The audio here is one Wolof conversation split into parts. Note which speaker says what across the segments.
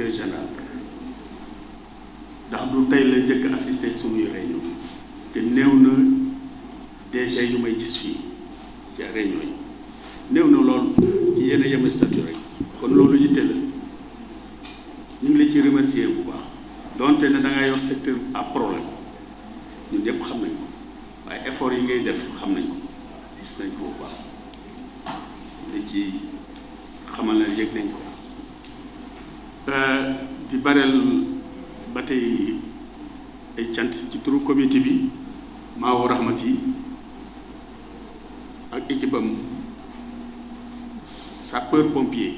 Speaker 1: directeur général ndax du tey la njëkk assister suñuy réunion te néew na DG yu may gis fii ci réunion yi néew na lool ci yenn yeme statut rek kon loolu yitte la ñu ngi la ci remercier bu baax donte ne da nga yor secteur à problème ñun ñëpp xam nañ ko waaye effort yi ngay def xam nañ ko gis nañ ko baax li ci xamal na yëg nañ ko Euh, di bareel ba tey ay cant ci turu comité bi Maawu Rahmat yi ak équipe am sapeur pompier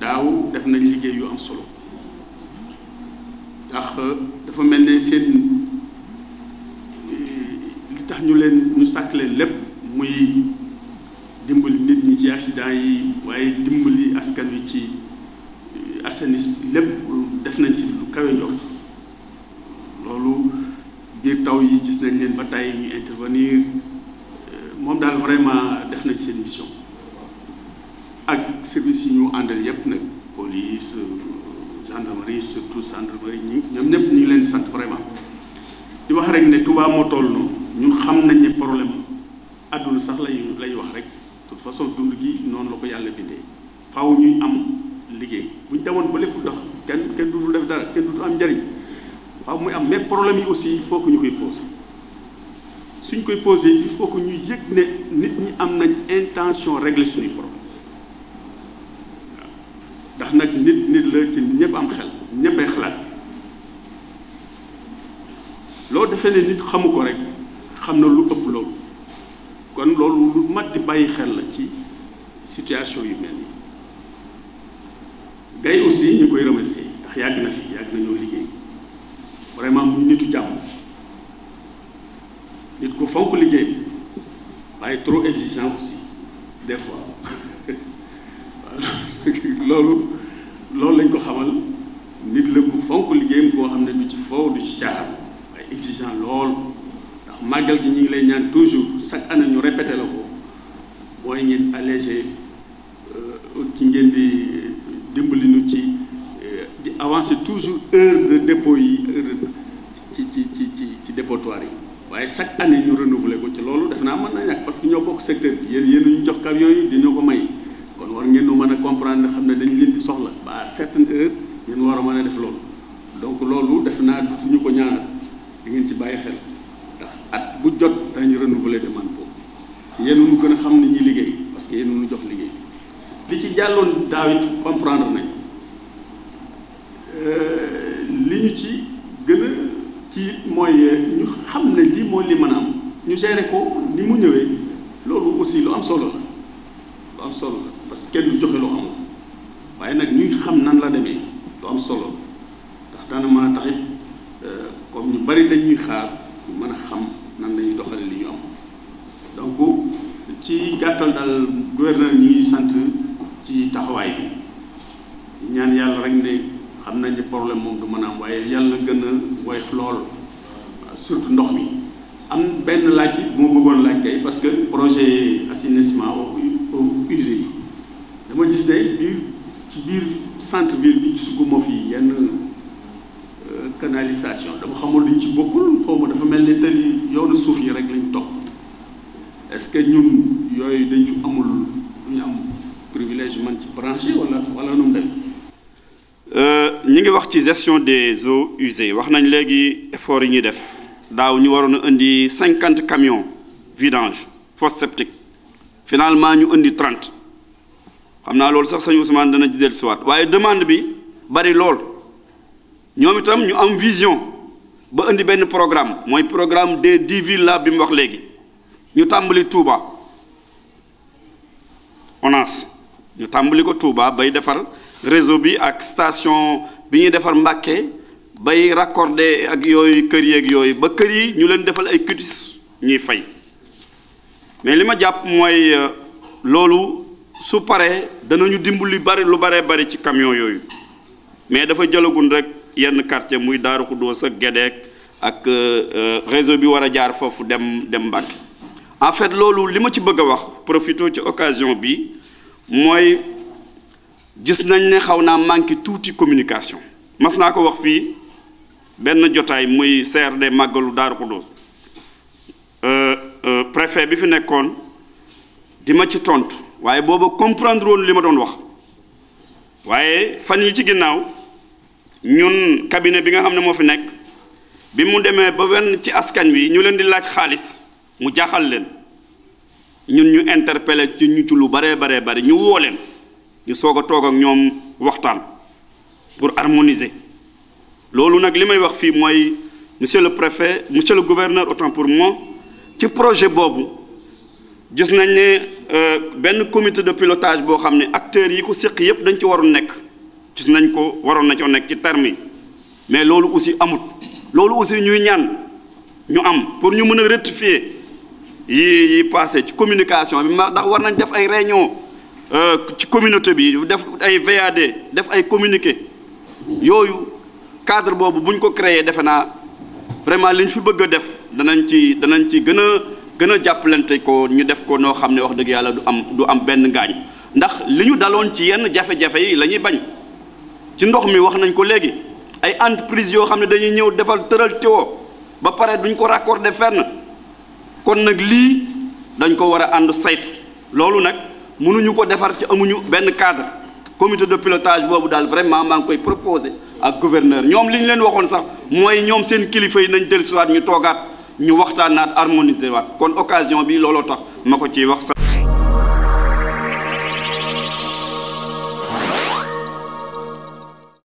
Speaker 1: daaw def na liggéey yu am solo ndax euh, dafa mel ne seen euh, li tax ñu leen ñu sàkk leen lépp muy dimbali nit ñi ci accident yi waaye dimbali askan wi ci. assainissement lépp def nañ ci lu kawe njort loolu biir taw yi gis nañ leen ba tey ñu intervenir euh, moom daal vraiment def nañ seen mission ak service yi ñu àndal yépp nag police euh, gendarmerie surtout gendarmerie ñi ñoom ñëpp ñu ngi leen sant vraiment di wax rek ne Touba moo toll noonu ñun xam nañ ne problème àdduna sax lay lay wax rek de façon dund gi noonu la ko yàlla bindee faaw ñuy am liggéey bu ñu demoon ba lépp dox kenn kenn dootul def dara kenn dootul am njariñ waaw muy am mais problème yi aussi il faut ñu koy posé suñ koy posé il faut que ñu yëg ne nit ñi am nañ intention régler suñuy problème waaw ndax nag nit nit la ci ñëpp am xel ñëppay xalaat loo defee ne nit xamu ko rek xam na lu ëpp loolu kon loolu lu mat di bàyyi xel la ci situation yu mel nii gay aussi ñu koy remercier ndax yàgg na fi yàgg na ñoo liggéey vraiment muy nitu jàmm nit ku fonk liggéey waaye trop exigeant aussi des fois loolu loolu lañ ko xamal nit la ku fonk liggéeyam koo xam ne du ci foow du ci caaxaan waaye exigeant lool ndax màggal gi ñu ngi lay ñaan toujours chaque année ñu répété la ko mooy ngeen allégé ci euh, ngeen di dimbali avance toujours heure de dépôt yi ci ci ci ci ci dépotoir yi waaye chaque année ñu renouveler ko ci loolu def naa mën na ñàkk parce que ñoo bokk secteur bi yéen yéen ñu jox camion yi dañoo ko may kon war ngeen mën a comprendre xam ne dañ leen di soxla ba à certaine heure ngeen war a mën a def loolu donc loolu def naa du ñu ko ñaanal da ngeen ci bàyyi xel ndax at bu jot dañu renouveler demande boobu ci yéen ñu gën a xam ne ñuy liggéey parce que yéen jox liggéey li ci jàlloon daawit comprendre nañ Euh, li ñu ci gën a kii mooy ñu xam ne lii mooy li mën a am ñu gérer ko ni mu ñëwee loolu aussi lu am solo la lu am solo la parce que kenn du joxe lu amul waaye nag ñu xam nan la demee lu am solo la ndax daana mën a taxit euh, comme ñu bari dañuy xaar ñu mën a xam nan lañuy doxale li ñu am donc ci gàttal daal gouverneur ñi ngi sant ci taxawaay bi ñaan yàlla rek ne am nañ ni problème moom du mën a am waaye yàlla na gën a woyof lool surtout ndox mi am benn laaj it bu ma bëggoon laaj parce que projet assainissement aux usines yi dama gis ne biir ci biir centre ville bi gisuguma fi yenn euh, canalisation dama xamul liñ ci bokkul xaw ma dafa mel ni tëli yoonu suuf yi rek lañ topp est-ce que ñun yooyu dañ ci amul ñu am privilège man ci
Speaker 2: branché wala wala nu mu dem Euh, ñu ngi wax ci gestion des eaux usées wax nañ léegi effort yi ñuy def daaw ñu waroon a indi cinquante camions vidange fosse septique finalement ñu indi trente xam naa loolu sax sëñ Ousmane dana ci dellusiwaat waaye demande bi bari lool ñoom itam ñu am vision ba indi benn programme mooy programme des dix villes bi mu wax léegi ñu tàmbali Touba ONAS ñu tàmbali ko Touba bay defar réseau bi ak station bi ñuy defar Mbàkke bay raccordé ak yooyu kër yeeg yooyu ba kër yi ñu leen defal ay cutis ñuy fay mais li ma jàpp mooy euh, loolu su paree danañu dimbali lu lu baree bari ci camion yooyu mais dafa jëlagun rek yenn quartier muy Daaru Xuddoos ak Gédéek ak euh, euh, réseau bi war a jaar foofu dem dem Mbàkke en fait loolu li ma ci bëgg a wax profito ci occasion bi mooy gis nañ ne xaw naa manqué tuuti communication mas naa ko wax fii benn jotaay muy CRD màggalu Daaru Xudoos euh, euh, préfet bi fi nekkoon di ma ci tontu waaye booba comprendre woon li ma doon wax waaye fan yi ci ginnaaw ñun cabinet bi nga xam ne moo fi nekk bi mu demee ba wenn ci askan wi ñu leen di laaj xaalis mu jaaxal leen ñun ñu interpellé ci ñu ci lu baree baree bari ñu woo leen ñu soog a toog ak ñoom waxtaan pour harmoniser loolu nag li may wax fii mooy monsieur le préfet monsieur le gouverneur autant pour moi ci projet boobu gis nañ ne euh, benn commité de pilotage boo xam ne acteurs yi ko séq yépp dañ ci waroon nekk gis nañ ko waroon na ci nekk ci terme yi mais loolu aussi amut loolu aussi ñuy ñaan ñu am pour ñu mën a rectifier yi yi passé ci communication bi ma ndax war nañ def ay réunion euh, ci communauté bi def ay VAD def ay communiqué yooyu cadre boobu bu ñu ko créer defe naa vraiment li ñu fi bëgg a def danañ ci danañ ci gën a gën a jàppalante ko ñu def ko noo xam ne wax dëgg yàlla du am du am benn ngaañ ndax li ñu daloon ci yenn jafe-jafe yi la ñuy bañ ci ndox mi wax nañ ko léegi ay entreprise yoo xam ne dañuy ñëw defal tëral teewoo ba pare duñ ko raccorder fenn. kon nag lii dañ ko war a ànd saytu loolu nag mënuñu ko defar ci amuñu benn cadre comité de pilotage boobu daal vraiment maa ngi koy proposé ak gouverneur ñoom li ñu leen waxoon sax mooy ñoom seen kilifa yi nañ dellusiwaat ñu toogaat ñu waxtaanaat harmoniser waat kon occasion bi looloo tax ma ko ciy wax.